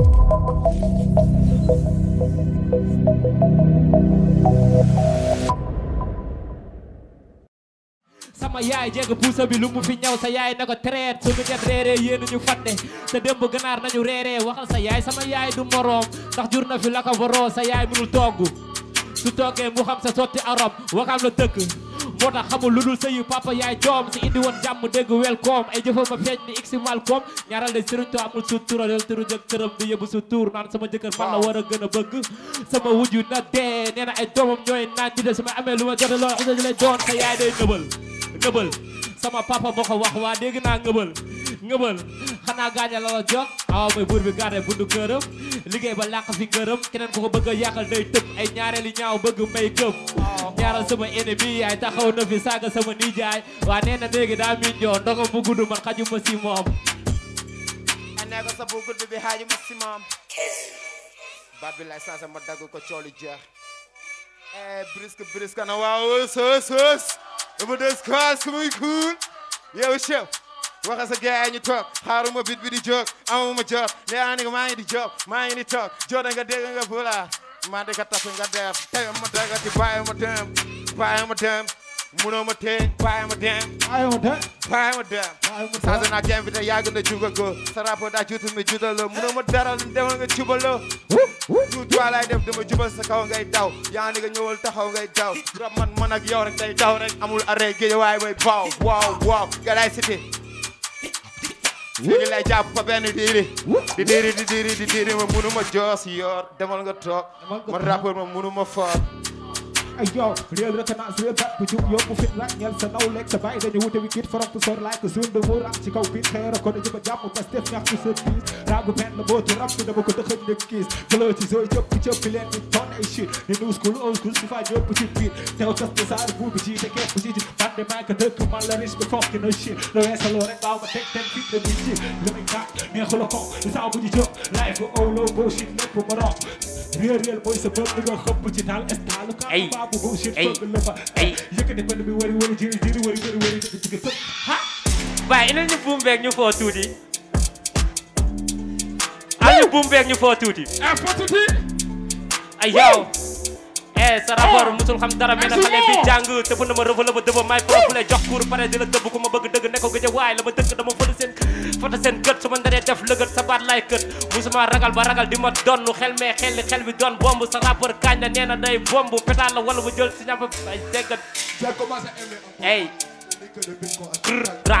sama yaay jégg puusa bi lu mu fi ñaw sa yaay na ko tereet suñu ñet reeree yéen ñu fàtte te démb ganaar nañu reeree waxal sa yaay sama yaay du moroom ndax jur na fi la ko waroo sa yaay mënul togg su toggee mu xam sa sotti arab waxam la tëkk moo tax xamul lu dul sëyu papa yaay joom si indi woon jàmm dégg welcome ay jëfam a feeñ ni ig si malcom ñaaral de sëriñ to amul su tur adel turu këram di yëbu su naan sama jëkkër fan war a gën a bëgg sama wujju na dee nee na ay doomam ñooy naan di de sama amee lu ma jote loolu xisa ji lay doon sa yaay day nëbal nëbal sama papa moo ko wax waa dégg naa nëbal ngëbal xanaa gaaña la la jot mooy buur bi garde bundu këram liggéey ba làq si këram keneen ku ko bëgg a yàqal day tëb ay ñaareeli ñaaw bëgg may gëm ñaaral sama ennemi yaay taxaw fi saaga sama nijaay waa nee na daa miin joo ndogo bu gudd man xajuma si moom nee ko sa bu gudd bi xaajuma si moom baat bi lay sansé ma dagg ko cooli jeex eh brisque brisque na waaw sës sës dama des kaas muy kuul yow chef waxa sa gaay ñu toog xaaruma bit bi di jóg amuma jot ne ani maa ngi di jóg maa ngi di toog jooda nga dégg nga ka tapp nga def ma dagati bàyyi ma dem ma dem munoo ma tee bàyyi ma dem bàyyi ma dem bàyyi ma dem saa naa jëm bi te yàgg na juga ko sa rapport dem juutu ma daral sa kaw ngay daw yaa ni nga ñëwal taxaw ngay daw rab man man ak yow rek day daw rek amul arrêt géej waay way baaw waaw waaw galaay léegi lay jàpp fa benn diiri di diiri di diiri di diiri ma munu ma joos yoor demal nga toog man rappeur ma munu ma foor Hey yo, real recognize real rap With you, yo, moving like Nelson Oleg Sabay, then you would have wicked for up to sort like a zoom The more rap, she go beat her According to my job, but Steph Nack is a beast Rap go pen, the boat, the rap, the book of the hood, the kiss Blur, she's all your picture, feeling with ton of shit The new school, old school, she find your pussy beat Tell us the side of who, but she take care, but she just But the man can look at my lyrics, but fucking no shit The rest of the Lord, and now I take ten feet, the music Let me back, me a holocong, it's how would you jump Life with all low bullshit, no promote réeréel mooy sa bopp nga xëpp ci taal estal ka baabu bu ci fëgg la fa ay yëkkati fënd bi wari wari jiri jiri wari wari wari ci ci fëpp ha waaye ina ñu buum beeg ñu foo tuuti ay ñu buum beeg ñu foo tuuti ay eh, foo tuuti ay yow eh sa rapport musul xam dara mais na xale bi jàng na ma rëfa la ma dëba maay profilé jox cour pare di la dëbb ku ma bëgg dëgg ne ko gëj a la ma dëkk dama fëta seen fëta gët su ma ndaree def lëgët sa baat laay kët musuma ragal ba ragal di ma donn xel mais xel li xel bi doon bomb sa rapport kaañ la day bomb pétale la wala ma jël si ñàpp ay déggat ey ra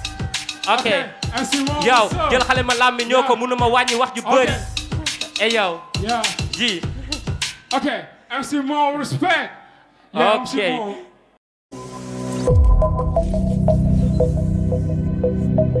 Okay, yow jangan xale ma làmmi ñoo ko mënuma waktu beri, eh bëri yeah, yow ji ok MC Mo respect yeah, ok MC